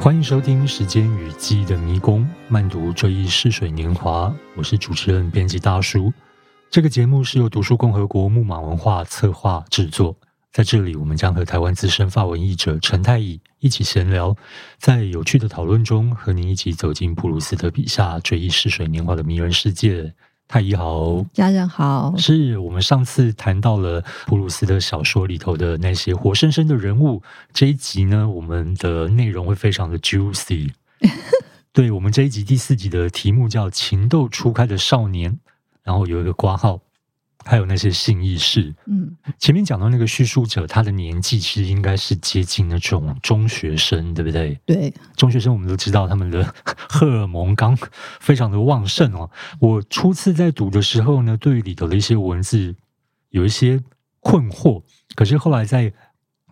歡迎收聽《時間與記憶的迷宮》，漫讀《追憶逝水年華》，我是主持人、編輯大叔。這個節目是由讀書共和國、木馬文化策劃制作。在這裡，我們將和台灣資深法文譯者陳太乙一起閒聊，在有趣的討論中，和您一起走進普魯斯特筆下《追憶逝水年華》的迷人世界。太醫好，家人好。是我們上次談到了普魯斯特的小說裡頭的那些活生生的人物。這一集呢，我們的內容會非常的 juicy。 對，我們這一集第四集的題目叫《情竇初開的少年》，然後有一個括號。還有那些性意識，嗯，前面講到那個敘述者，他的年紀其實應該是接近那種中學生，對不對？對，中學生我們都知道他們的荷爾蒙剛非常的旺盛哦。嗯，我初次在讀的時候呢，對於裡頭的一些文字有一些困惑，可是後來在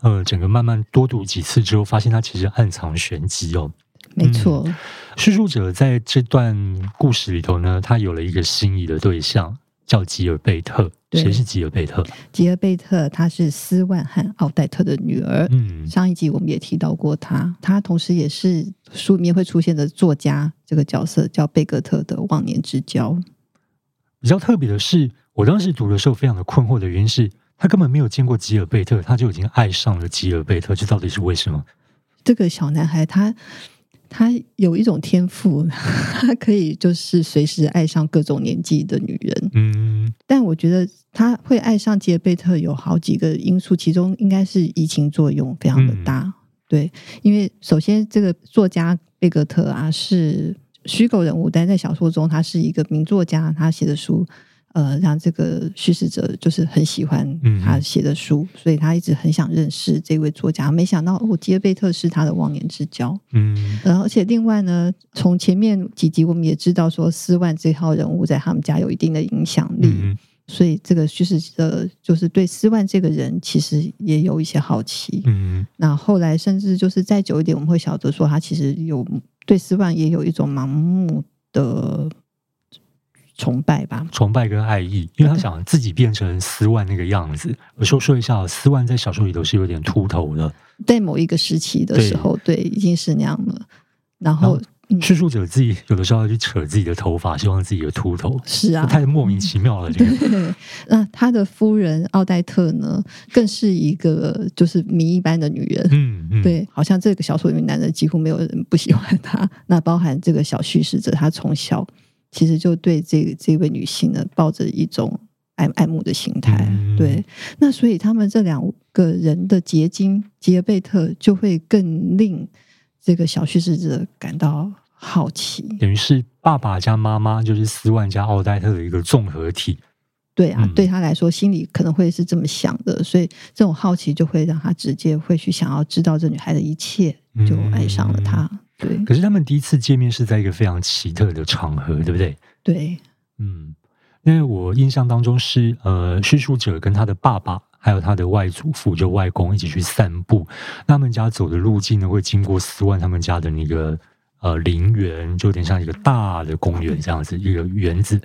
呃整個慢慢多讀幾次之後，發現它其實暗藏玄機哦。沒錯，嗯，敘述者在這段故事裡頭呢，他有了一個心儀的對象。叫吉爾貝特，誰是吉爾貝特？吉爾貝特他是斯萬和奧黛特的女兒。嗯，上一集我們也提到過他，他同時也是書裡面會出現的作家這個角色，叫貝格特的忘年之交。比較特別的是，我當時讀的時候非常的困惑的原因是，他根本沒有見過吉爾貝特，他就已經愛上了吉爾貝特，這到底是為什麼？這個小男孩他。他有一種天賦，他可以就是隨時愛上各種年紀的女人。嗯，但我覺得他會愛上吉爾貝特有好幾個因素，其中應該是移情作用非常的大。對，因為首先這個作家貝格特啊是虛構人物，但在小說中他是一個名作家，他寫的書。呃，讓這個敘事者就是很喜歡他寫的書，嗯、哼所以他一直很想認識這位作家。沒想到哦，吉爾貝特是他的忘年之交。嗯哼，而且另外呢，從前面幾集我們也知道說，斯萬這號人物在他們家有一定的影響力，嗯、哼所以這個敘事者就是對斯萬這個人其實也有一些好奇。嗯哼，那後來甚至就是再久一點，我們會曉得說，他其實有對斯萬也有一種盲目的。崇拜吧，崇拜跟愛意，因為他想自己變成斯萬那個樣子。我對說說一下，斯萬在小說裡都是有點禿頭的，在某一個時期的時候，對，對，已經是那樣了。然後敘述後、嗯、者自己有的時候要去扯自己的頭髮，希望自己的禿頭是啊，太莫名其妙了。嗯這個、對，那他的夫人奧黛特呢，更是一個就是迷一般的女人。嗯嗯，嗯對，好像這個小說裡面男人幾乎沒有人不喜歡他。那包含這個小敘事者，他從小。其實就對這個、這位女性呢，抱着一種愛愛慕的心態。對，嗯、那所以他們這兩個人的結晶吉爾貝特，就會更令這個小敘事者感到好奇。等於是爸爸加媽媽，就是斯萬加奧黛特的一個綜合體。對啊，嗯、對他來說，心裡可能會是這麼想的，所以這種好奇就會讓他直接會去想要知道這女孩的一切，就愛上了她。嗯嗯對，可是他們第一次見面是在一個非常奇特的場合，對不對？對，嗯，因為我印象當中是，呃，敘述者跟他的爸爸還有他的外祖父，就外公一起去散步。他們家走的路徑呢，會經過斯萬他們家的那個呃陵園，就有點像一個大的公園這樣子，對一個園子。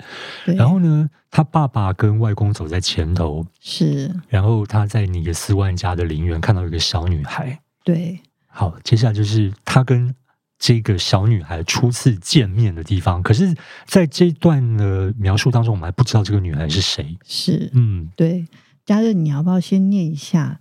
對然後呢，他爸爸跟外公走在前頭，是，然後他在那個斯萬家的陵園看到一個小女孩。對，好，接下來就是他跟。這個小女孩初次見面的地方，可是，在這段的描述當中，我們還不知道這個女孩是誰。是，嗯，對，嘉樂，你要不要先念一下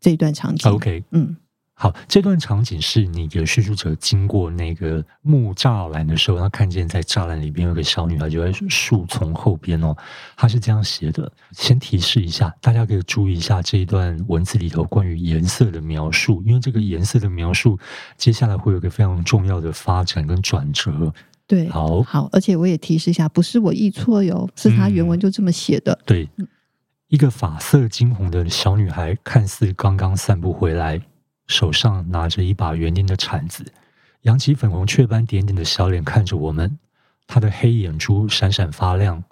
這一段場景？OK，嗯。好，這段場景是那個敘述者經過那個木柵欄的時候，他看見在柵欄裡邊有一個小女孩，就在樹叢後邊哦。嗯、他是這樣寫的，嗯、先提示一下，大家可以注意一下這一段文字裡頭關於顏色的描述，因為這個顏色的描述接下來會有一個非常重要的發展跟轉折。對，好好，而且我也提示一下，不是我譯錯喲，嗯、是他原文就這麼寫的。對，嗯、一個髮色金紅的小女孩，看似剛剛散步回來。手上拿着一把園丁的鏟子，揚起粉紅雀斑點點的小臉看着我們，他的黑眼珠閃閃發亮。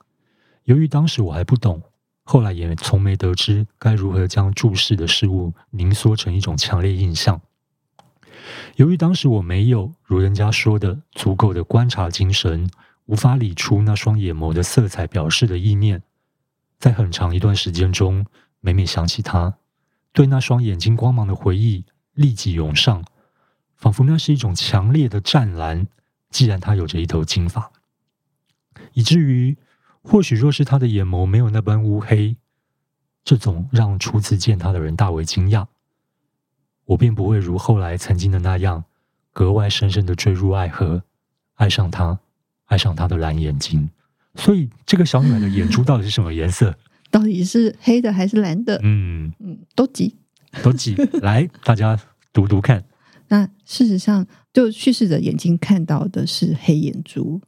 由於當時我還不懂，後來也從沒得知該如何將注視的事物凝縮成一種強烈印象。由於當時我沒有如人家說的足夠的觀察精神，無法理出那雙眼眸的色彩表示的意念，在很長一段時間中，每每想起他，對那雙眼睛光芒的回憶，立即湧上，仿佛那是一種強烈的湛藍。既然他有着一頭金髮，以至於或許若是他的眼眸沒有那般烏黑，這總讓初次見他的人大為驚訝，我便不會如後來曾經的那樣，格外深深的墜入愛河，愛上他，愛上他的藍眼睛。所以，這個小女孩的眼珠到底是什麼顏色？到底是黑的還是藍的？嗯嗯，都急都記來，大家讀讀看。 那事實上，就敘事者眼睛看到的是黑眼珠，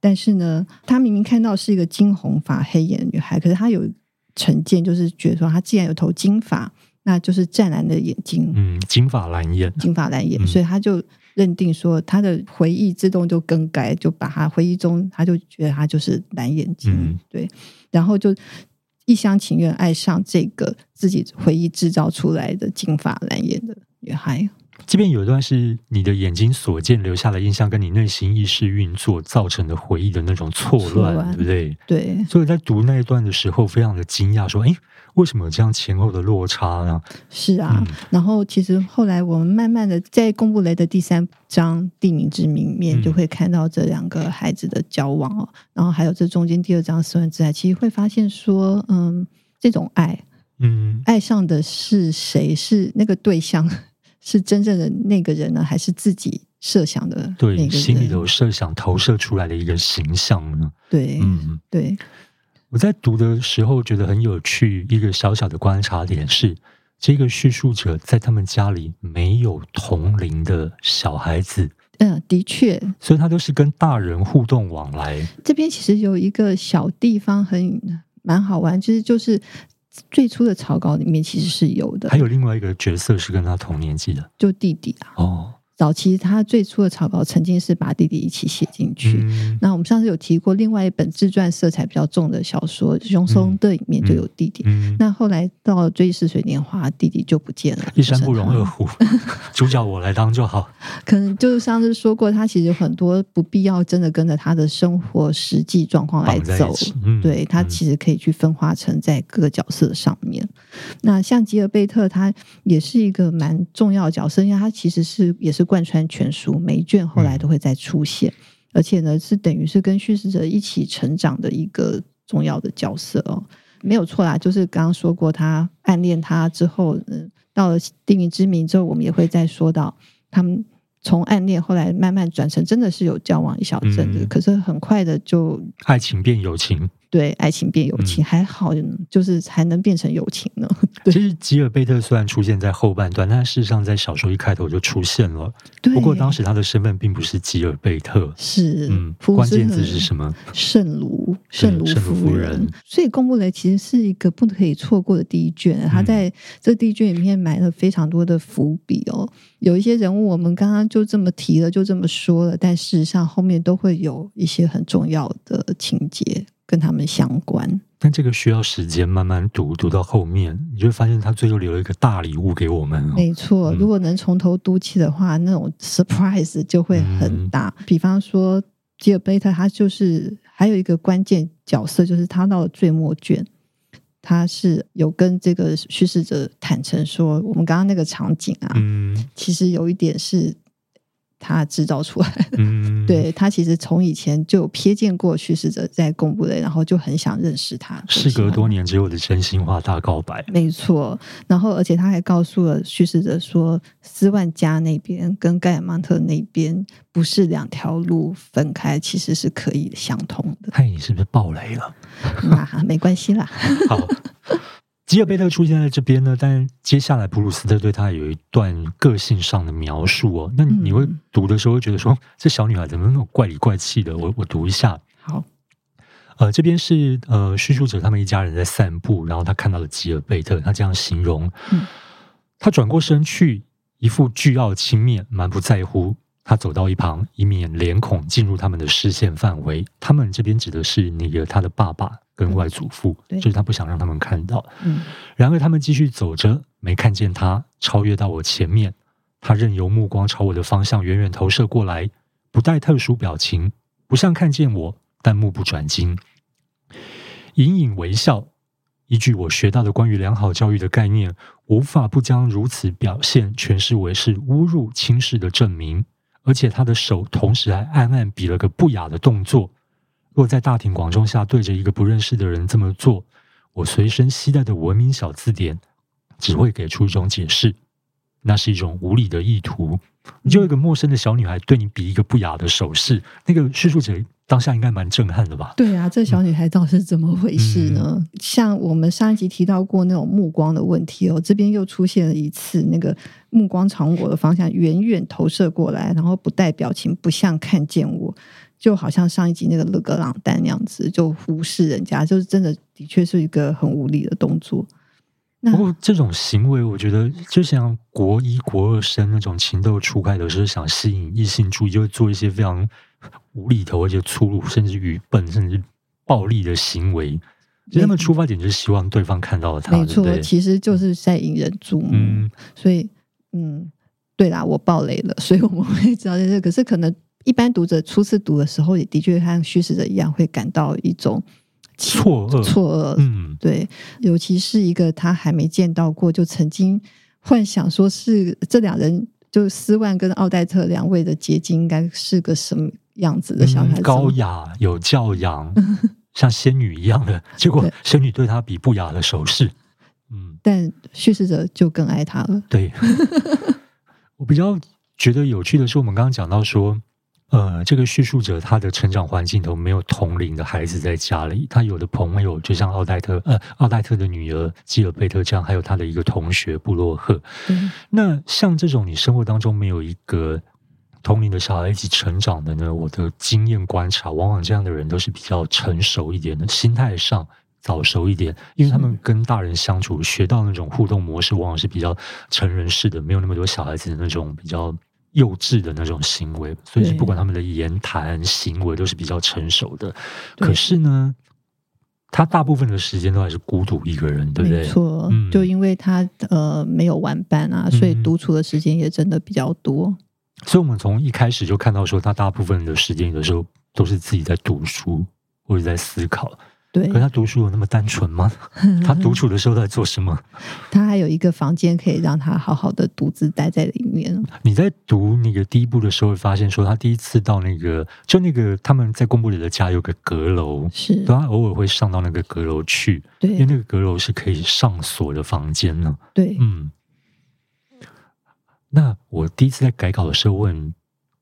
但是呢，他明明看到是一個金紅髮黑眼的女孩，可是他有成見，就是覺得說，她既然有頭金髮，那就是湛藍的眼睛。嗯，金髮藍眼，金髮藍眼，嗯、所以他就認定說，他的回憶自動就更改，就把他回憶中，他就覺得他就是藍眼睛。嗯、對，然後就。一廂情願愛上這個自己回憶製造出來的金髮藍眼的女孩。這邊有一段是你的眼睛所見留下的印象，跟你內心意識運作造成的回憶的那種錯亂，啊、對不對？對。所以在讀那一段的時候，非常的驚訝，說：“誒、哎。為什麼有這樣前後的落差呢、啊？是啊，嗯、然後其實後來我們慢慢的在貢布雷的第三章地名之名面就會看到這兩個孩子的交往哦，嗯、然後還有這中間第二章斯萬之愛，其實會發現說，嗯，這種愛，嗯，愛上的是誰？是那個對象是真正的那個人呢，還是自己設想的那個？對，心裡頭設想投射出來的一個形象呢？嗯、對，嗯，對。我在讀的時候覺得很有趣，一個小小的觀察點是，這個敘述者在他們家裡沒有同齡的小孩子。嗯，的確，所以他都是跟大人互動往來。這邊其實有一個小地方很蠻好玩，其實就是最初的草稿裡面其實是有的。還有另外一個角色是跟他同年紀的，就弟弟啊。哦。早期他最初的草稿曾經是把弟弟一起寫進去。嗯、那我們上次有提過，另外一本自傳色彩比較重的小說《熊松》的裡面就有弟弟。嗯嗯、那後來到《追憶似水年華》，弟弟就不見了，一山不容二虎， 主角我來當就好。可能就是上次說過，他其實很多不必要真的跟着他的生活實際狀況來走。嗯、對他其實可以去分化成在各個角色上面。嗯、那像吉爾貝特，他也是一個蠻重要的角色，因為他其實是也是。貫穿全書，每一卷後來都會再出現，嗯、而且呢，是等於是跟敘事者一起成長的一個重要的角色哦，沒有錯啦，就是剛剛說過他，他暗戀他之後，嗯，到了《地獄之名》之後，我們也會再說到他們從暗戀後來慢慢轉成真的是有交往一小陣子，嗯、可是很快的就愛情變友情。對，愛情變友情、嗯、還好，就是還能變成友情呢。其實吉爾貝特雖然出現在後半段，但事實上在小說一開頭就出現了。對不過當時他的身份並不是吉爾貝特，是嗯，是關鍵字是什麼？聖盧，聖盧夫人。夫人，所以公布雷其實是一個不可以錯過的第一卷，嗯、他在這第一卷裡面埋了非常多的伏筆哦。有一些人物我們剛剛就這麼提了，就這麼說了，但事實上後面都會有一些很重要的情節。跟他們相關，但這個需要時間慢慢讀，讀到後面，你就會發現他最後留了一個大禮物給我們、哦。沒錯，嗯、如果能從頭讀起的話，那種 surprise 就會很大。嗯、比方說吉爾貝特，他就是還有一個關鍵角色，就是他到了最末卷，他是有跟這個敘事者坦誠說，我們剛剛那個場景啊，嗯、其實有一點是。他製造出來，嗯、對，他其實從以前就瞥見過敘事者在貢布雷，然後就很想認識他。時隔多年之後的真心話大告白，嗯、沒錯。然後，而且他還告訴了敘事者說，斯萬家那邊跟蓋爾曼特那邊不是兩條路分開，其實是可以相通的。哎，你是不是爆雷了？那沒關係啦。 好。吉爾貝特出現在這邊呢，但接下來普魯斯特對她有一段個性上的描述哦。那你會讀的時候會覺得說，嗯、這小女孩怎麼那麼怪裡怪氣的？我我讀一下。好呃，呃，這邊是呃敘述者他們一家人在散步，然後他看到了吉爾貝特，他這樣形容：嗯、他轉過身去，一副倨傲輕蔑，滿不在乎。他走到一旁，以免臉孔進入他們的視線範圍。他們這邊指的是那個他的爸爸，跟外祖父，就是他不想讓他們看到。嗯、然而他們繼續走着，沒看見他超越到我前面。他任由目光朝我的方向遠遠投射過來，不帶特殊表情，不像看見我，但目不轉睛，隱隱微笑。依據我學到的關於良好教育的概念，無法不將如此表現詮釋為是侮辱輕視的證明。而且他的手同時還暗暗比了個不雅的動作。若在大庭廣眾下對着一個不認識的人這麼做，我隨身攜帶的文明小字典只會給出一種解釋，那是一種無理的意圖。你就一個陌生的小女孩對你比一個不雅的手勢，那個敘述者當下應該蠻震撼的吧？對啊，這小女孩到底是怎麼回事呢？嗯，像我們上一集提到過那種目光的問題哦，這邊又出現了一次，那個目光朝我的方向遠遠投射過來，然後不帶表情，不像看見我。就好像上一集那個勒格朗丹那樣子，就忽視人家，就是真的，的確是一個很無理的動作。那不過這種行為，我覺得就像國一、國二生那種情竇初開的時候，想吸引異性注意，就會做一些非常無厘頭、而且粗魯、甚至愚笨、甚至暴力的行為。所以他們出發點就是希望對方看到了他，沒錯，其實就是在引人注目。嗯、所以，嗯，對啦，我爆雷了，所以我們會知道這些可是可能。一般讀者初次讀的時候，也的確像敘事者一樣會感到一種錯愕惡，錯愕。嗯，對，嗯、尤其是一個他還沒見到過，就曾經幻想說是這兩人，就斯萬跟奧黛特兩位的結晶，應該是個什麼樣子的小孩子？嗯，高雅、有教養， 像仙女一樣的。結果仙女對他比不雅的手勢。對嗯，但敘事者就更愛他了。對， 我比較覺得有趣的是，我們剛剛講到說。呃，這個敘述者他的成長環境都沒有同齡的孩子在家裡，他有的朋友就像奧黛特，呃，奧黛特的女兒吉爾貝特，這樣，還有他的一個同學布洛赫。嗯，那像這種你生活當中沒有一個同齡的小孩一起成長的呢，我的經驗觀察，往往這樣的人都是比較成熟一點的，心態上早熟一點，因為他們跟大人相處學到那種互動模式，往往是比較成人式的，沒有那麼多小孩子的那種比較。幼稚的那種行為，所以是不管他們的言談行為都是比較成熟的。對可是呢，他大部分的時間都還是孤獨一個人，錯對不對？沒、嗯、錯，就因為他呃沒有玩伴啊，所以獨處的時間也真的比較多。嗯、所以我們從一開始就看到，說他大部分的時間有時候都是自己在讀書或者在思考。對，可是他讀書有那麼單純嗎？呵呵，他獨處的時候在做什麼？他還有一個房間可以讓他好好的獨自待在裡面。你在讀那個第一部的時候，會發現說他第一次到那個，就那個他們在公布裡的家有個閣樓，是，他偶爾會上到那個閣樓去，對因為那個閣樓是可以上鎖的房間呢、啊。對，嗯，那我第一次在改稿的時候問。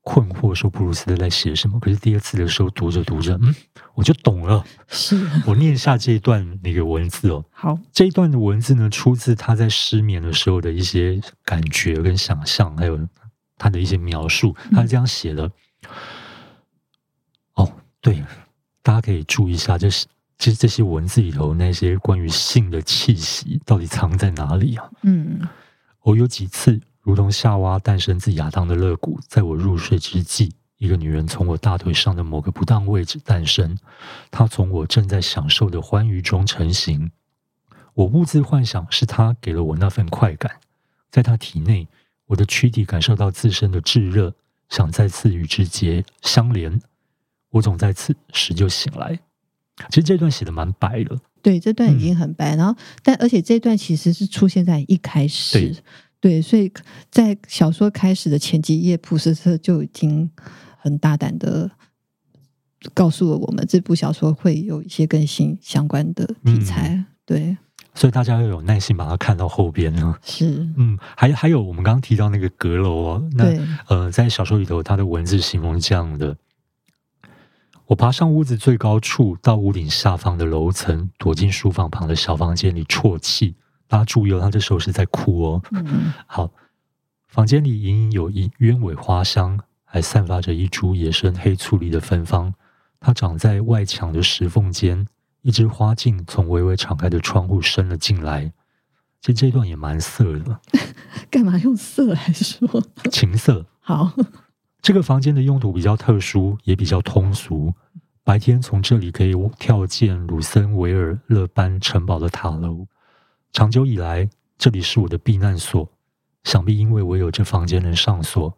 困惑說普魯斯特在寫什麼？可是第二次的時候讀着讀着，嗯，我就懂了。是我念下這一段那個文字哦。好，這一段的文字呢，出自他在失眠的時候的一些感覺跟想象，還有他的一些描述。他這樣寫的。嗯、哦，對，大家可以注意一下，就是其實、就是、這些文字裡頭那些關於性的氣息，到底藏在哪裡啊？嗯，我、哦、有幾次。如同夏娃誕生自亞當的肋骨，在我入睡之際，一個女人從我大腿上的某個不當位置誕生。她從我正在享受的歡愉中成型。我兀自幻想，是她給了我那份快感。在她體內，我的軀體感受到自身的炙熱，想再次與之結相連。我總在此時就醒來。其實這段寫得蠻白的，對，這段已經很白。嗯、然後，但而且這段其實是出現在一開始。對，所以在小說開始的前幾頁，普魯斯特就已經很大膽地告訴了我們，這部小說會有一些跟性相關的題材。嗯、對，所以大家要有耐心，把它看到後邊呢。是，嗯，還還有我們剛剛提到那個閣樓哦。那，對呃，在小說裡頭，它的文字形容是這樣的：我爬上屋子最高處，到屋頂下方的樓層，躲進書房旁的小房間裡，啜泣。他注意，他的手候是在哭哦。嗯、好，房間裡隱隱有一鳶尾花香，還散發着一株野生黑醋栗的芬芳。它長在外牆的石縫間，一枝花莖從微微敞開的窗戶伸了進來。其實這段也蠻色的，幹嘛用色來說？情色。好，這個房間的用途比較特殊，也比較通俗。白天從這裡可以眺見魯森維爾勒班城堡的塔樓。長久以來，這裡是我的避難所。想必因為我有這房間能上鎖，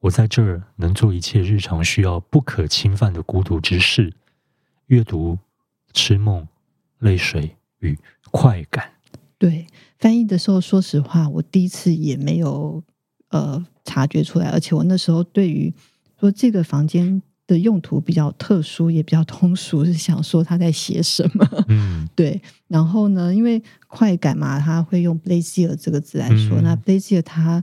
我在這兒能做一切日常需要不可侵犯的孤獨之事：閱讀、癡夢、淚水與快感。對，翻譯的時候，說實話，我第一次也沒有呃察覺出來，而且我那時候對於說這個房間。的用途比較特殊，也比較通俗，是想說他在寫什麼。嗯、對。然後呢，因為快感嘛，他會用 pleasure 這個字來說。嗯、那 pleasure 它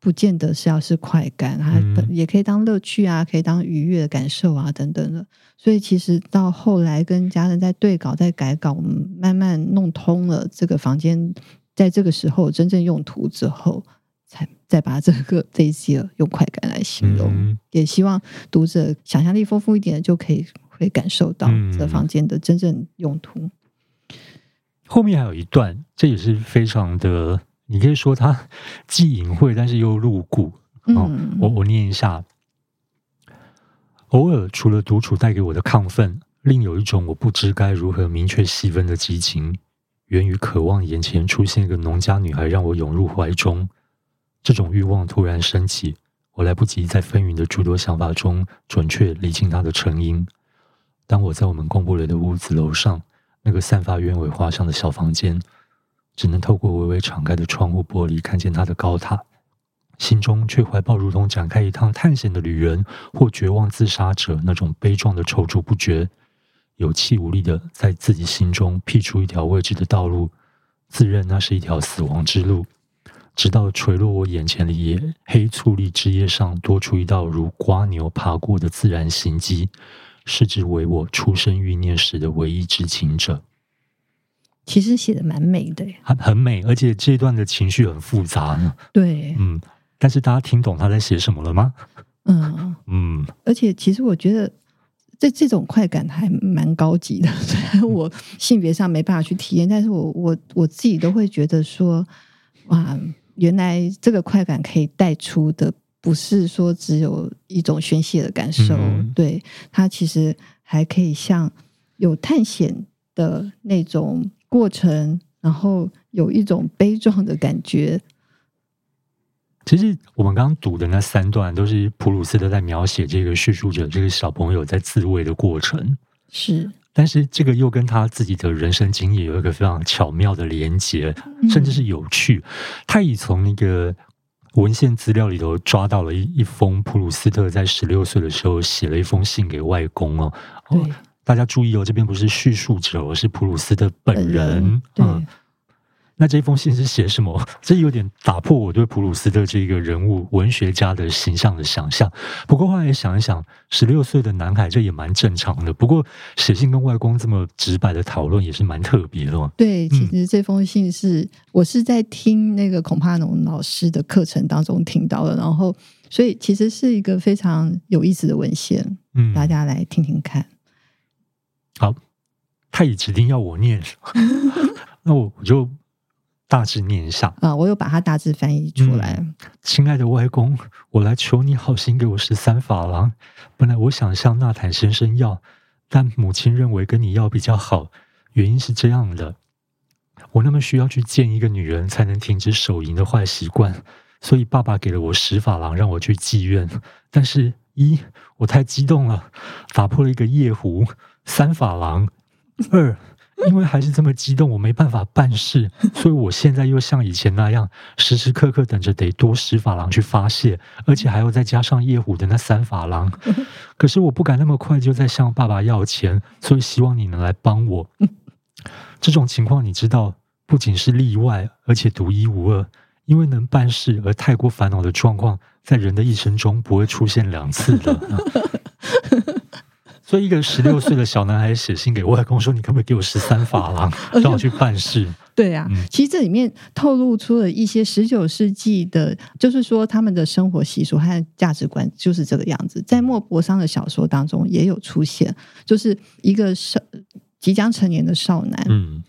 不見得是要是快感，它、嗯、也可以當樂趣啊，可以當愉悅的感受啊等等的。所以其實到後來跟家人在對稿、在改稿，我們慢慢弄通了這個房間在這個時候真正用途之後。再把這個這一集，用快感來形容，嗯、也希望讀者想象力豐富一點，就可以會感受到這房間的真正用途、嗯。後面還有一段，這也是非常的，你可以說它既隱晦，但是又露骨。哦、嗯，我我念一下。偶爾，除了獨處帶給我的亢奮，另有一種我不知該如何明確細分的激情，源於渴望眼前出現一個農家女孩，讓我湧入懷中。這種欲望突然升起，我來不及在紛紜的諸多想法中準確理清它的成因。當我在我們貢布雷的屋子樓上那個散發鳶尾花香的小房間，只能透過微微敞開的窗戶玻璃看見它的高塔，心中卻懷抱如同展開一趟探險的旅人或絕望自殺者那種悲壯的躊躇不決，有氣無力的在自己心中闢出一條未知的道路，自認那是一條死亡之路。直到垂落我眼前的葉，黑醋栗枝葉上多出一道如蝸牛爬過的自然形跡，視之為我出生欲念時的唯一知情者。其實寫的蠻美的，很美，而且這段的情緒很複雜呢。對，嗯，但是大家聽懂他在寫什麼了嗎？嗯嗯，嗯，而且其實我覺得這這種快感還蠻高級的。 雖然我性別上沒辦法去體驗，但是我我我自己都會覺得說，哇。原來這個快感可以帶出的，不是說只有一種宣洩的感受，嗯哼。對，它其實還可以像有探險的那種過程，然後有一種悲壯的感覺。其實我們剛剛讀的那三段都是普魯斯特在描寫這個敘述者這個小朋友在自慰的過程，是。但是這個又跟他自己的人生經歷有一個非常巧妙的連結，甚至是有趣。嗯、他已從那個文獻資料裡頭抓到了一一封普魯斯特在十六歲的時候寫了一封信給外公哦。哦，對大家注意哦，這邊不是敘述者，而是普魯斯特本人。嗯那這封信是寫什麼？這有點打破我對普魯斯特這個人物、文學家的形象的想象。不過後來想一想，十六歲的男孩這也蠻正常的。不過寫信跟外公這麼直白的討論也是蠻特別的嘛。對，嗯、其實這封信是我是在聽那個孔帕隆老師的課程當中聽到的。然後所以其實是一個非常有意思的文獻。嗯，大家來聽聽看。嗯、好，太乙指定要我念什麼， 那我我就。 大致念一下啊，嗯！我有把它大致翻譯出來。親愛的外公，我來求你好心給我十三法郎。本來我想向納坦先生要，但母親認為跟你要比較好。原因是這樣的：我那麼需要去見一個女人，才能停止手淫的壞習慣。所以爸爸給了我十法郎，讓我去妓院。但是，一，我太激動了，打破了一個夜壺，三法郎。二 因為還是這麼激動，我沒辦法辦事，所以我現在又像以前那樣，時時刻刻等着得多十法郎去發泄，而且還要再加上夜壺的那三法郎。可是我不敢那麼快就再向爸爸要錢，所以希望你能來幫我。這種情況你知道，不僅是例外，而且獨一無二。因為能辦事而太過煩惱的狀況，在人的一生中不會出現兩次的。啊所以，一個十六歲的小男孩寫信給我外公說：“你可不可以給我十三法郎， 讓我去辦事？”對啊，嗯，其實這裡面透露出了一些十九世紀的，就是說他們的生活習俗和價值觀就是這個樣子。在莫泊桑的小說當中也有出現，就是一個少即將成年的少男，嗯，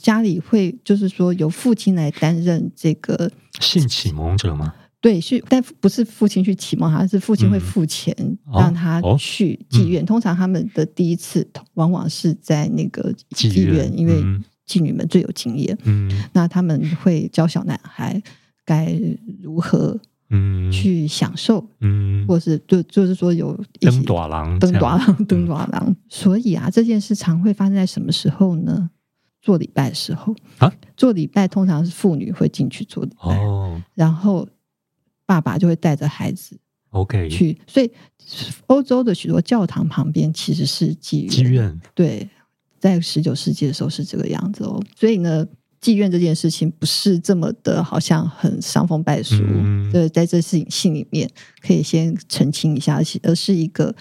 家裡會就是說由父親來擔任這個性啟蒙者嗎？對，是，但不是父親去啟蒙他，是父親會付錢讓他去妓院。嗯哦哦嗯、通常他們的第一次往往是在那個妓院，妓嗯、因為妓女們最有經驗、嗯。嗯，那他們會教小男孩該如何嗯去享受，嗯，嗯或是就就是說有一些蹬短郎、蹬短郎、蹬短、嗯、所以啊，這件事常會發生在什麼時候呢？做禮拜的時候啊，做禮拜通常是婦女會進去做禮拜，哦、然後。爸爸就會帶着孩子，OK，去。Okay 所以歐洲的許多教堂旁邊其實是妓院，妓院，對，在十九世紀的時候是這個樣子哦。所以呢，妓院這件事情不是這麼的好像很傷風敗俗、嗯、在這事情性裡面可以先澄清一下，而且而是一個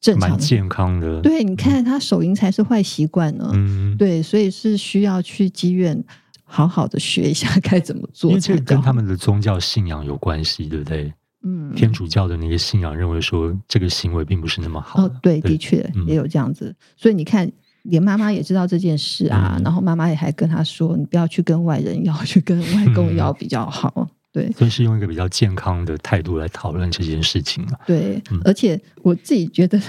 正常的健康的。對，你看他手淫才是壞習慣呢。嗯、對，所以是需要去妓院。好好的學一下該怎麼做，因為這跟他們的宗教信仰有關係，對不對？嗯，天主教的那個信仰認為說這個行為並不是那麼好。哦，對，對，的確、嗯、也有這樣子。所以你看，連媽媽也知道這件事啊，嗯、然後媽媽也還跟他說：“你不要去跟外人，要去跟外公要比較好。嗯”對，所以是用一個比較健康的態度來討論這件事情嘛？對，嗯、而且我自己覺得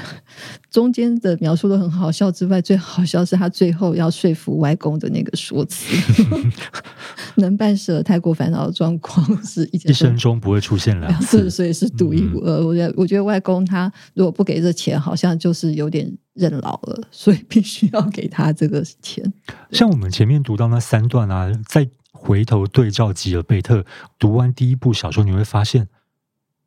中間的描述得很好笑之外，最好笑的是他最後要說服外公的那個說辭， 能辦捨太過煩惱的狀況是一件一生中不會出現兩次，所以是獨一無二。我覺得，我覺得外公他如果不給這錢，好像就是有點認老了，所以必須要給他這個錢。像我們前面讀到那三段啊，在。回頭對照吉爾貝特，讀完第一部小說，你會發現，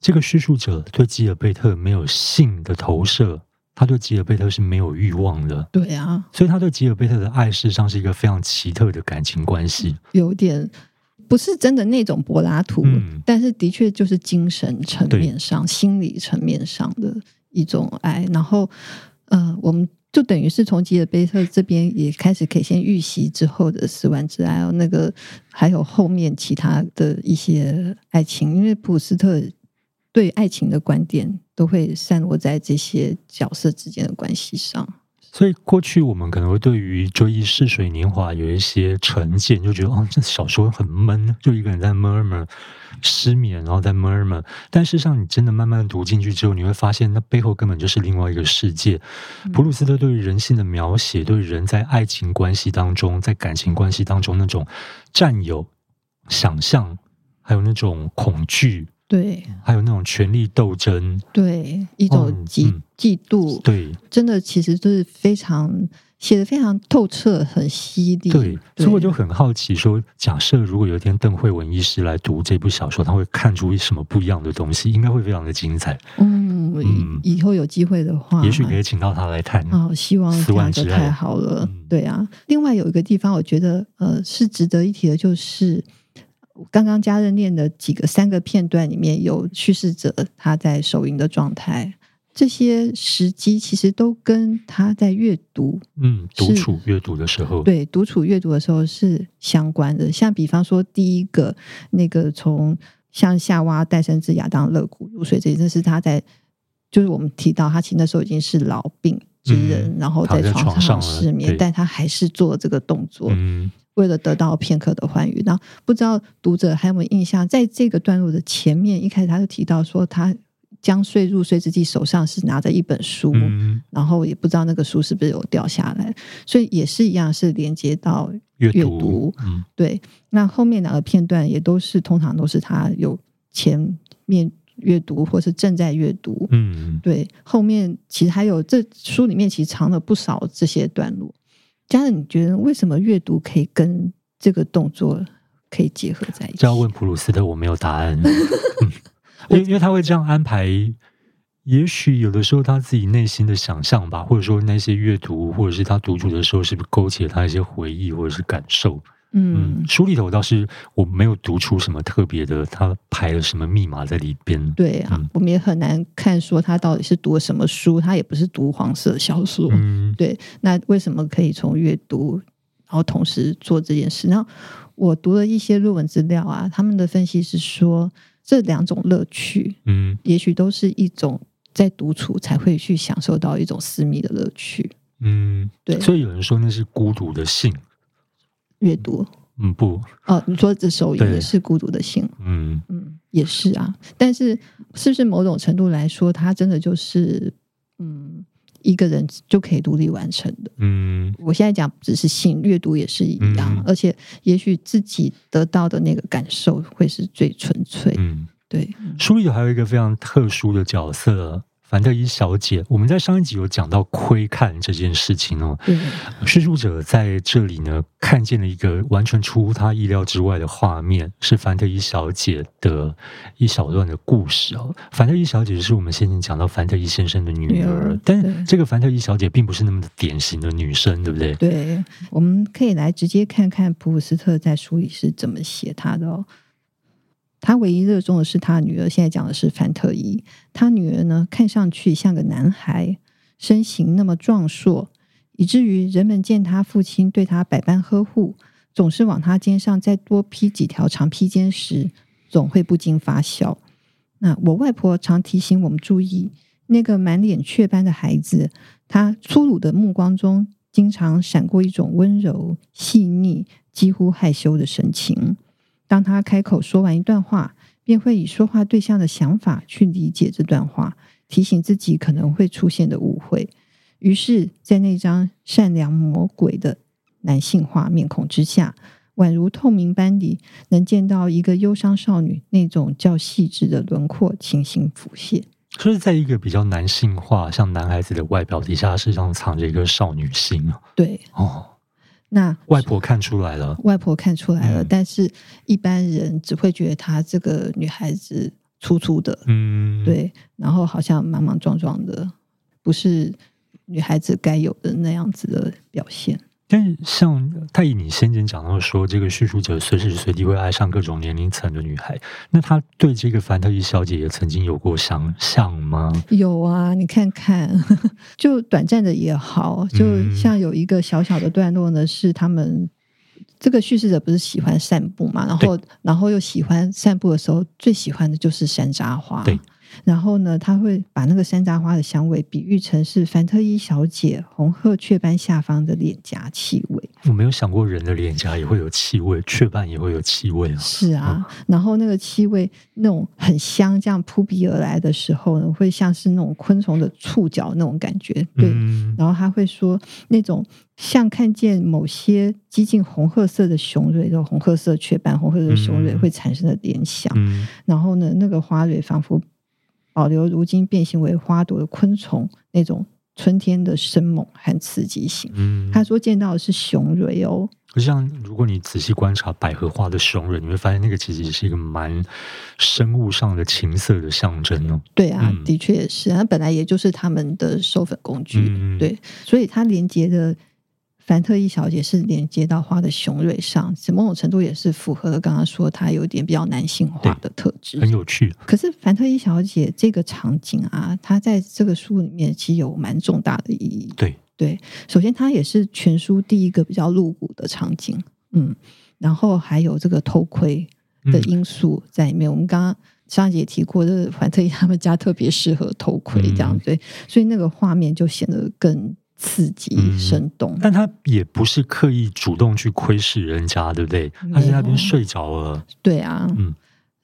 這個敘述者對吉爾貝特沒有性的投射，他對吉爾貝特是沒有慾望的。對啊，所以他對吉爾貝特的愛，事實上是一個非常奇特的感情關係，有點不是真的那種柏拉圖，嗯、但是的確就是精神層面上、對心理層面上的一種愛。然後，呃，我們。就等於是從《吉爾貝特》這邊也開始可以先預習之後的《斯萬之愛》，還有那個還有後面其他的一些愛情，因為普魯斯特對愛情的觀點都會散落在這些角色之間的關係上。所以過去我們可能會對於《追憶似水年華》有一些成見，就覺得哦，這小說很悶，就一個人在 murmur，失眠，然後在 murmur，但事實上，你真的慢慢讀進去之後，你會發現那背後根本就是另外一個世界。嗯、普魯斯特對於人性的描寫，對於人在愛情關係當中、在感情關係當中那種佔有、想象，還有那種恐懼。對，還有那種權力鬥爭，對，一種嫉嫉、嗯、妒，對，真的其實都是非常寫得非常透徹，很犀利。對，對，所以我就很好奇說，說假設如果有一天鄧惠文醫師來讀這部小說，他會看出什麼不一樣的東西？應該會非常的精彩。嗯，嗯，以後有機會的話，也許你可以請到他來看。啊，希望這個，太好了。嗯、對啊，另外有一個地方，我覺得呃是值得一提的，就是。剛剛家人念的幾個三個片段裡面，有敘事者他在手淫的狀態，這些時機其實都跟他在閱讀，嗯，獨處閱讀的時候，對獨處閱讀的時候是相關的。像比方說第一個那個從像夏娃，誕生自亞當肋骨入水這一陣是他在，就是我們提到他其實那時候已經是老病。之人，然後在床上失眠，嗯、他但他還是做了這個動作，嗯、為了得到片刻的歡愉。那不知道讀者還有沒有印象，在這個段落的前面，一開始他就提到說，他將睡入睡之際，手上是拿着一本書，嗯、然後也不知道那個書是不是有掉下來，所以也是一樣是連接到閱讀。讀嗯、對，那後面兩個片段也都是通常都是他有前面。閱讀，或是正在閱讀，嗯，對，後面其實還有這書裡面其實藏了不少這些段落。加上你覺得為什麼閱讀可以跟這個動作可以結合在一起？這要問普魯斯特，我沒有答案。因 因為他會這樣安排，也許有的時候他自己內心的想象吧，或者說那些閱讀，或者是他獨處的時候，是不是勾起了他一些回憶或者是感受？嗯，書裡頭倒是我沒有讀出什麼特別的，他排了什麼密碼在裡邊？對啊，嗯、我們也很難看說他到底是讀了什麼書，他也不是讀黃色小說。嗯，對。那為什麼可以從閱讀，然後同時做這件事呢？我讀了一些論文資料啊，他們的分析是說這兩種樂趣，嗯，也許都是一種在獨處才會去享受到一種私密的樂趣。嗯，對。所以有人說那是孤獨的性。閱讀，嗯，不，哦，你說這首也是孤獨的信，嗯，嗯，也是啊，但是是不是某種程度來說，他真的就是嗯，一個人就可以獨立完成的？嗯，我現在講只是信閱讀也是一樣，嗯、而且也許自己得到的那個感受會是最純粹。嗯，對，書裡有還有一個非常特殊的角色。凡德伊小姐，我們在上一集有講到窺看這件事情哦。敘述對者在這裡呢，看見了一個完全出乎他意料之外的畫面，是凡德伊小姐的一小段的故事哦。凡德伊小姐是我們先前講到凡德伊先生的女兒，啊、但這個凡德伊小姐並不是那麼的典型的女生，對不對？對，我們可以來直接看看普魯斯特在書裡是怎麼寫她的哦。他唯一熱衷的是他的女兒。現在講的是范特伊。他女兒呢，看上去像個男孩，身形那麼壯碩，以至於人們見他父親對他百般呵護，總是往他肩上再多披幾條長披肩時，總會不禁發笑。那我外婆常提醒我們注意，那個滿臉雀斑的孩子，他粗魯的目光中，經常閃過一種溫柔細膩、幾乎害羞的神情。當他開口說完一段話，便會以說話對象的想法去理解這段話，提醒自己可能會出現的誤會。於是，在那張善良魔鬼的男性化面孔之下，宛如透明般裡能見到一個憂傷少女那種較細緻的輪廓、情形浮現。所以，在一個比較男性化、像男孩子的外表底下，實際上藏着一個少女心啊。對，哦。那外婆看出來了，外婆看出來了，嗯、但是一般人只會覺得她這個女孩子粗粗的，嗯，對，然後好像莽莽撞撞的，不是女孩子該有的那樣子的表現。像太乙，你先前講到說，這個敘述者隨時隨地會愛上各種年齡層的女孩。那他對這個凡特伊小姐也曾經有過想象嗎？有啊，你看看， 就短暫的也好，就像有一個小小的段落呢，嗯、是他們這個敘事者不是喜歡散步嘛，嗯、然後對然後又喜歡散步的時候，最喜歡的就是山楂花。對。然後呢，他會把那個山楂花的香味比喻成是凡特伊小姐紅褐雀斑下方的臉頰氣味。我沒有想過人的臉頰也會有氣味，雀斑也會有氣味啊。是啊，嗯、然後那個氣味那種很香，這樣撲鼻而來的時候呢，會像是那種昆蟲的觸角那種感覺。對，嗯、然後他會說那種像看見某些接近紅褐色的雄蕊，的紅褐色雀斑、紅褐色的雄蕊會產生的聯想。嗯、然後呢，那個花蕊仿佛。保留如今變形為花朵的昆蟲那種春天的生猛和刺激性。嗯，他說見到的是雄蕊哦。就像如果你仔細觀察百合花的雄蕊，你會發現那個其實是一個蠻生物上的情色的象徵哦。對啊，嗯、的確是，它本來也就是他們的授粉工具。嗯、對，所以它連接的。凡特伊小姐是連接到花的雄蕊上，某種程度也是符合了剛剛說她有點比較男性化的特質，很有趣。可是凡特伊小姐這個場景啊，她在這個書裡面其實有蠻重大的意義。對對，首先她也是全書第一個比較露骨的場景，嗯，然後還有這個偷窺的因素在裡面。嗯、我們剛剛上節提過，就、這、是、個、凡特伊他們家特別適合偷窺這樣、嗯、對，所以那個畫面就顯得更。刺激、生動。嗯，但他也不是刻意主動去窺視人家，對不對？沒有，他在那邊睡着了。對啊，嗯，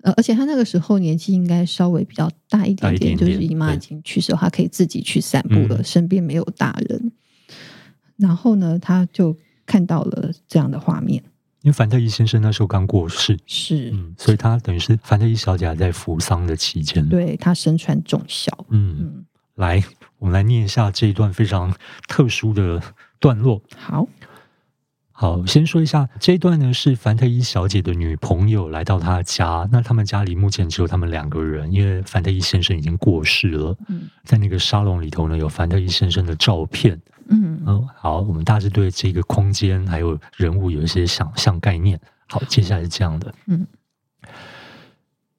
呃，而且他那個時候年紀應該稍微比較大一點點，就是姨媽已經去世，點點他可以自己去散步了，嗯，身邊沒有大人。然後呢，他就看到了這樣的畫面。因為凡特伊先生那時候剛過世，是。嗯，所以他等於是凡特伊小姐還在服喪的期間，對，她身穿重孝，嗯，嗯，來。我們來念一下這一段非常特殊的段落。好好，先說一下這一段呢，是凡特伊小姐的女朋友來到她家。那他們家裡目前只有他們兩個人，因為凡特伊先生已經過世了。嗯，在那個沙龍裡頭呢，有凡特伊先生的照片。嗯，嗯，好，我們大致對這個空間還有人物有一些想象概念。好，接下來是這樣的。嗯，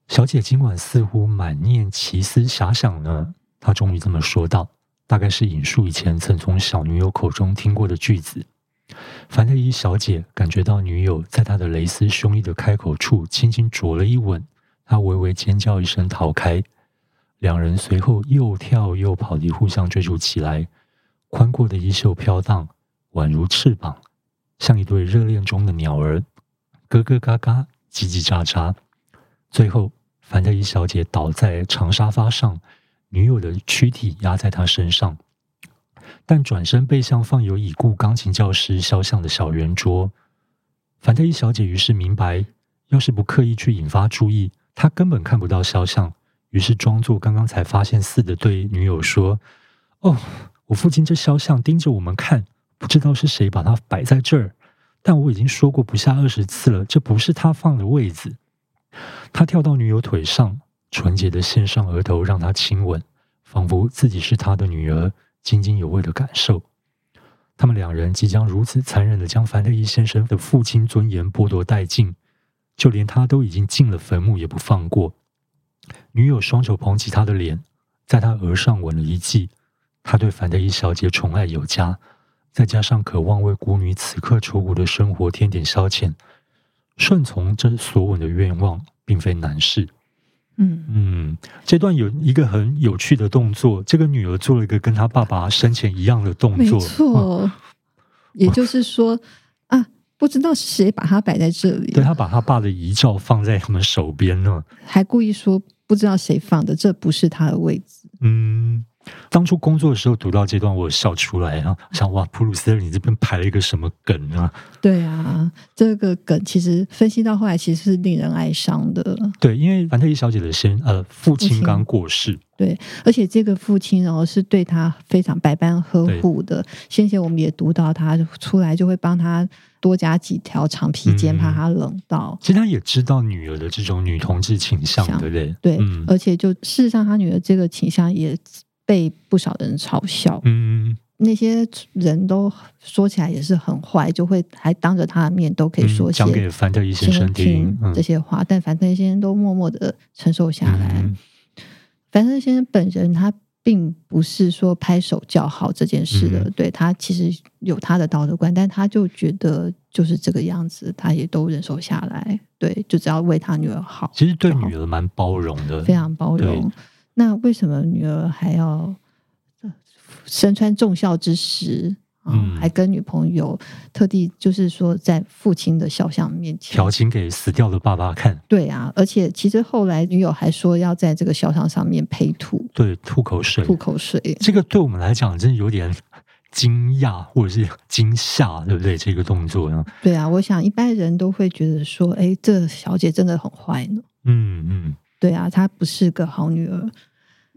小姐今晚似乎滿念奇思遐想，想呢。嗯他終於這麼說道：“大概是引述以前曾從小女友口中聽過的句子。”樊黛伊小姐感覺到女友在她的蕾絲胸衣的開口處輕輕啄了一吻，她微微尖叫一聲逃開。兩人隨後又跳又跑地互相追逐起來，寬闊的衣袖飄蕩，宛如翅膀，像一對熱戀中的鳥兒，咯咯嘎嘎，嘰嘰喳喳。最後，樊黛伊小姐倒在長沙發上。女友的軀體壓在他身上，但轉身背向放有已故鋼琴教師肖像的小圓桌。凡黛伊小姐於是明白，要是不刻意去引發注意，她根本看不到肖像。於是裝作剛剛才發現似的對女友說：“哦，我父親這肖像盯着我們看，不知道是誰把它擺在這兒。但我已經說過不下二十次了，這不是他放的位子。”他跳到女友腿上。純潔的獻上額頭，讓他親吻，仿佛自己是他的女兒，津津有味的感受。他們兩人即將如此殘忍的將樊特伊先生的父親尊嚴剝奪殆盡，就連他都已經進了墳墓，也不放過。女友雙手捧起他的臉，在他額上吻了一記。他對樊特伊小姐寵愛有加，再加上渴望為孤女此刻愁苦的生活添點消遣，順從這索吻的願望，並非難事。嗯嗯，這段有一個很有趣的動作，這個女兒做了一個跟她爸爸生前一樣的動作，沒錯，啊、也就是說我啊，不知道是誰把她擺在這裡、啊，對她把她爸的遺照放在他們手邊呢，還故意說不知道誰放的，這不是她的位置，嗯。當初工作的時候讀到這段，我笑出來，然後想，哇，普魯斯特，你這邊排了一個什麼梗啊？對啊，這個梗其實分析到後來，其實是令人哀傷的。對，因為凡特伊小姐的先，呃，父親剛過世，對，而且這個父親然後是對他非常百般呵護的。對先前我們也讀到他，他出來就會幫他多加幾條長披肩，嗯、怕他冷到。其實他也知道女兒的這種女同志傾向，向，對不對？對，嗯、而且就事實上，他女兒這個傾向也。被不少人嘲笑，嗯，那些人都說起來也是很壞，就會還當着他的面都可以說講給凡德伊先生聽這些話，嗯樊嗯、但凡德伊先生都默默的承受下來。嗯、凡德伊先生本人他並不是說拍手叫好這件事的，嗯、對他其實有他的道德觀，但他就覺得就是這個樣子，他也都忍受下來。對，就只要為他女兒好，其實對女兒蠻包容的，非常包容。那為什麼女兒還要身穿重孝之時啊，嗯、還跟女朋友特地就是說在父親的肖像面前調情，給死掉的爸爸看？對啊，而且其實後來女友還說要在這個肖像上面呸吐，對，吐口水，吐口水。這個對我們來講真的有點驚訝或者是驚嚇，對不對？這個動作呀，對啊，我想一般人都會覺得說，哎、欸，這個、小姐真的很壞呢。嗯嗯。嗯對啊，她不是個好女兒。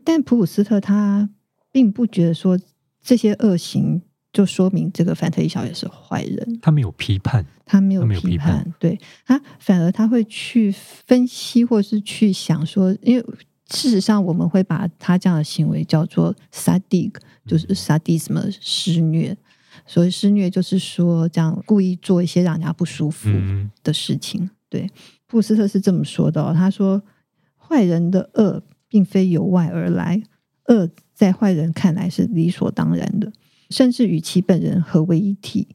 但普魯斯特他並不覺得說這些惡行就說明這個范特伊小姐是壞人。他沒有批判，他沒有批判，他沒有批判，對，他反而他會去分析或是去想說，因為事實上我們會把他這樣的行為叫做 sadig 就是 sadism 施、嗯、虐。所以施虐就是說這樣故意做一些讓人家不舒服的事情。嗯、對，普魯斯特是這麼說的、哦，他說。壞人的惡並非由外而來，惡在壞人看來是理所當然的，甚至與其本人合為一體。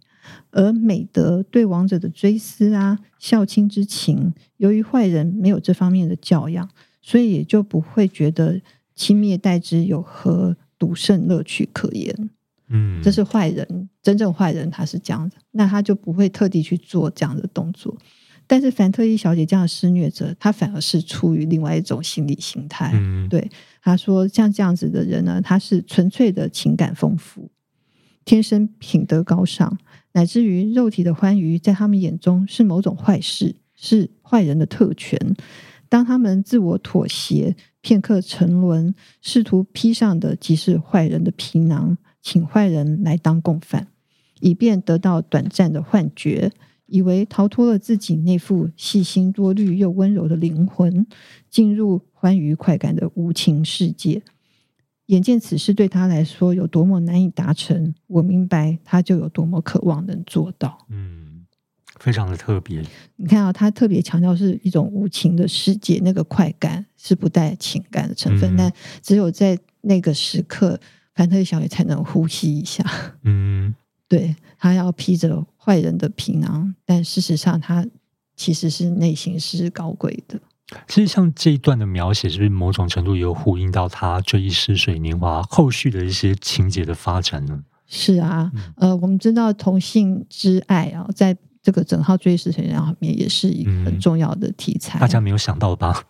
而美德對亡者的追思啊，孝親之情，由於壞人沒有這方面的教養，所以也就不會覺得輕蔑待之有何瀆聖樂趣可言。嗯，這是壞人，真正壞人他是這樣的，那他就不會特地去做這樣的動作。但是凡特伊小姐這樣的施虐者，她反而是出於另外一種心理形態。嗯、對，他說，像這樣子的人呢，他是純粹的情感豐富，天生品德高尚，乃至於肉體的歡愉，在他們眼中是某種壞事，是壞人的特權。當他們自我妥協、片刻沉淪，試圖披上的即是壞人的皮囊，請壞人來當共犯，以便得到短暫的幻覺。以為逃脫了自己那副細心多慮又溫柔的靈魂，進入歡愉快感的無情世界。眼見此事對他來說有多麼難以達成，我明白他就有多麼渴望能做到。嗯，非常的特別。你看啊，他特別強調是一種無情的世界，那個快感是不帶情感的成分，嗯，但只有在那個時刻，凡特小姐才能呼吸一下。嗯，對，他要披着。壞人的皮囊，但事實上他其實是內心是高貴的。其實，像這一段的描寫，是不是某種程度有呼應到他追憶似水年華後續的一些情節的發展呢？嗯、是啊，呃，我們知道同性之愛啊、哦，在這個整套追憶似水年華裡面，也是一個很重要的題材。嗯、大家沒有想到吧？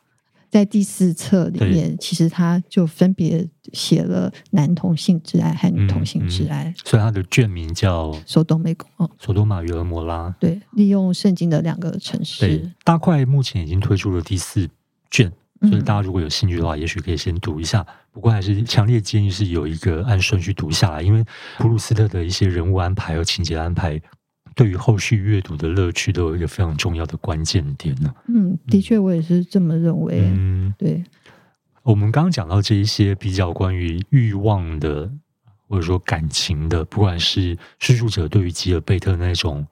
在第四冊裡面，對其實他就分別寫了男同性之愛和女同性之愛，嗯嗯、所以他的卷名叫《索多美公》啊，《索多瑪與俄摩拉》。對，利用聖經的兩個城市。對，大塊目前已經推出了第四卷，所以大家如果有興趣的話，也許可以先讀一下。嗯、不過還是強烈建議是有一個按順序讀下來，因為普魯斯特的一些人物安排和情節安排。對於後續閱讀的樂趣都有一個非常重要的關鍵點呢、啊。嗯，的確，我也是這麼認為。嗯，對。我們剛剛講到這一些比較關於慾望的，或者說感情的，不管是敘述者對於吉爾貝特那種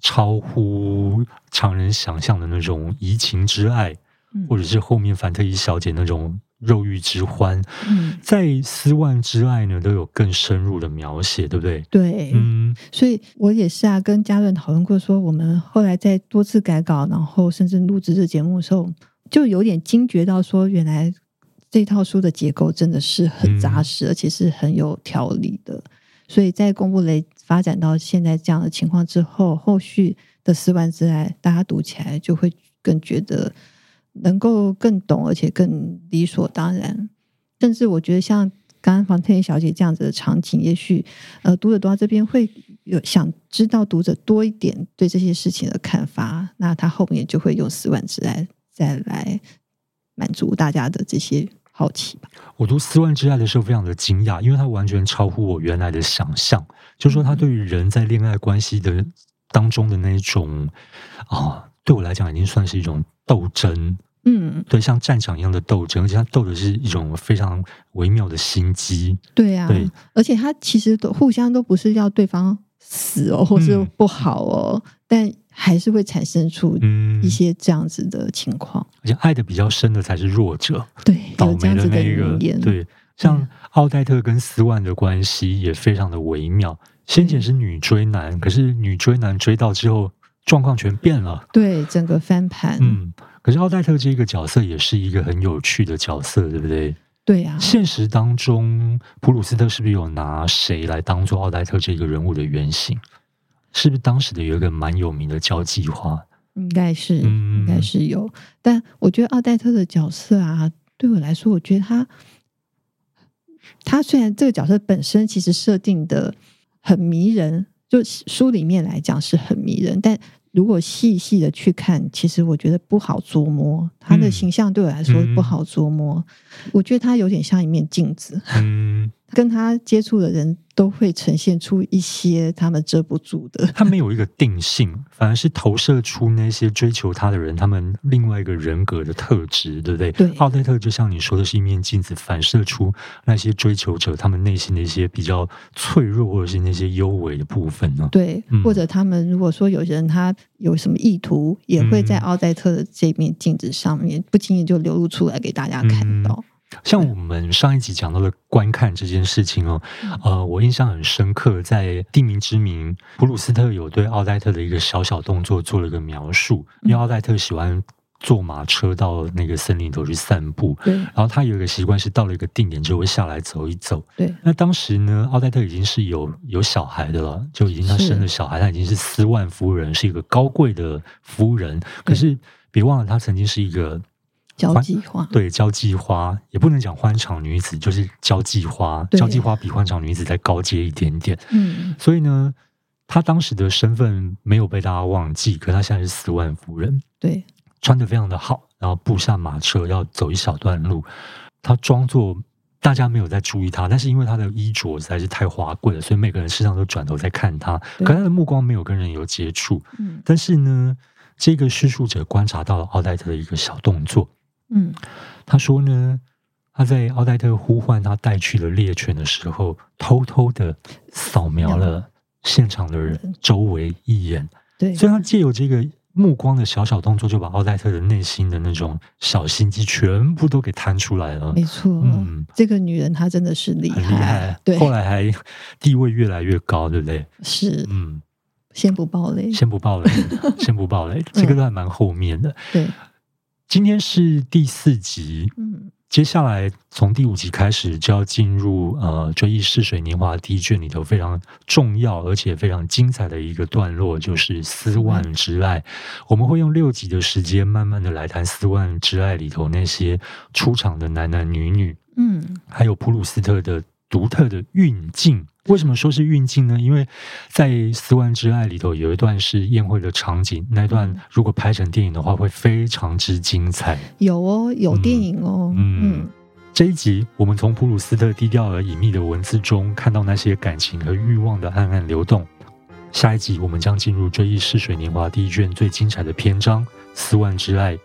超乎常人想象的那種移情之愛，嗯、或者是後面凡特伊小姐那種。肉慾之歡，嗯、在《斯萬之愛》呢都有更深入的描寫，對不對？對，嗯，所以我也是啊，跟嘉倫討論過說，說我們後來在多次改稿，然後甚至錄製這節目的時候，就有點驚覺到，說原來這套書的結構真的是很扎實，嗯、而且是很有條理的。所以在貢布雷發展到現在這樣的情況之後，後續的《斯萬之愛》，大家讀起來就會更覺得。能夠更懂，而且更理所當然。甚至我覺得，像剛剛房天小姐這樣子的場景，也許呃，讀者讀到這邊會有想知道讀者多一點對這些事情的看法。那他後面就會用《斯萬之愛》再來滿足大家的這些好奇吧。我讀《斯萬之愛》的時候，非常的驚訝，因為它完全超乎我原來的想象。就是、說他對於人在戀愛關係的、嗯、當中的那一種啊、哦，對我來講已經算是一種。鬥爭，嗯，對，像戰場一樣的鬥爭，而且他鬥的是一種非常微妙的心機，對啊，對，而且他其實都互相都不是要對方死哦，嗯、或是不好哦，但還是會產生出一些這樣子的情況、嗯，而且愛得比較深的才是弱者，對，有這樣子的語言。倒霉的那個，對，像奧黛特跟斯萬的關係也非常的微妙，先前是女追男，對可是女追男追到之後。狀況全變了，對，整個翻盤。嗯，可是奧黛特這個角色也是一個很有趣的角色，對不對？對呀、啊。現實當中，普魯斯特是不是有拿誰來當做奧黛特這個人物的原型？是不是當時的有一個蠻有名的交際花？應該是，應該是有。嗯、但我覺得奧黛特的角色啊，對我來說，我覺得他，他雖然這個角色本身其實設定的很迷人。就書裡面來講是很迷人，但如果細細的去看，其實我覺得不好琢磨。他的形象對我來說不好琢磨，嗯、我覺得他有點像一面鏡子。嗯 跟他接觸的人都會呈現出一些他們遮不住的，他沒有一個定性，反而是投射出那些追求他的人，他們另外一個人格的特質，對不對？對。奧黛特就像你說的，是一面鏡子，反射出那些追求者他們內心的一些比較脆弱或者是那些幽微的部分呢、啊？對，嗯、或者他們如果說有人他有什麼意圖，也會在奧黛特的這面鏡子上面不經意就流露出來給大家看到。嗯像我們上一集講到的觀看這件事情哦，嗯、呃，我印象很深刻，在《地名之名》，普魯斯特有對奧黛特的一個小小動作做了一個描述。因為奧黛特喜歡坐馬車到那個森林頭去散步，嗯、然後他有一個習慣，是到了一個定點就會下來走一走，對。那當時呢，奧黛特已經是有有小孩的了，就已經他生了小孩，她的已經是斯萬夫人，是一個高貴的夫人。可是別忘了，她曾經是一個。交際花，對，交際花也不能講歡場女子，就是交際花。對交際花比歡場女子再高階一點點。嗯，所以呢，她當時的身份沒有被大家忘記，可她現在是斯萬夫人。對，穿得非常的好，然後步下馬車要走一小段路，她裝作大家沒有在注意她，但是因為她的衣着實在是太華貴了，所以每個人身上都轉頭在看她。對可她的目光沒有跟人有接觸。嗯，但是呢，這個敘述者觀察到了奧黛特的一個小動作。嗯，他說呢，他在奧黛特呼喚他帶去了獵犬的時候，偷偷的掃描了現場的人周圍一眼。嗯、對，所以他借由這個目光的小小動作，就把奧黛特的內心的那種小心機全部都給攤出來了。沒錯、啊，嗯，這個女人她真的是厲害，厲害。對，後來還地位越來越高，對不對？是，嗯，先不爆雷， 先不爆雷，先不爆雷，這個都還蠻後面的。對。今天是第四集，接下來從第五集開始就要進入呃《追憶似水年華》第一卷裡頭非常重要而且非常精彩的一個段落，就是斯萬之愛。嗯，我們會用六集的時間，慢慢的來談斯萬之愛裡頭那些出場的男男女女，嗯，還有普魯斯特的。獨特的運鏡。為什麼說是運鏡呢？因為，在《斯萬之愛》裡頭有一段是宴會的場景，那一段如果拍成電影的話，會非常之精彩。有哦，有電影哦。嗯，嗯，這一集我們從普魯斯特低調而隱祕的文字中，看到那些感情和慾望的暗暗流動。下一集我們將進入《追憶似水年華》第一卷最精彩的篇章《斯萬之愛》，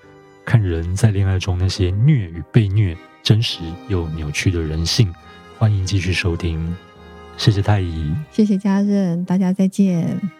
看人在戀愛中那些虐與被虐，真實又扭曲的人性。歡迎繼續收聽，謝謝太醫，謝謝家人，大家再見。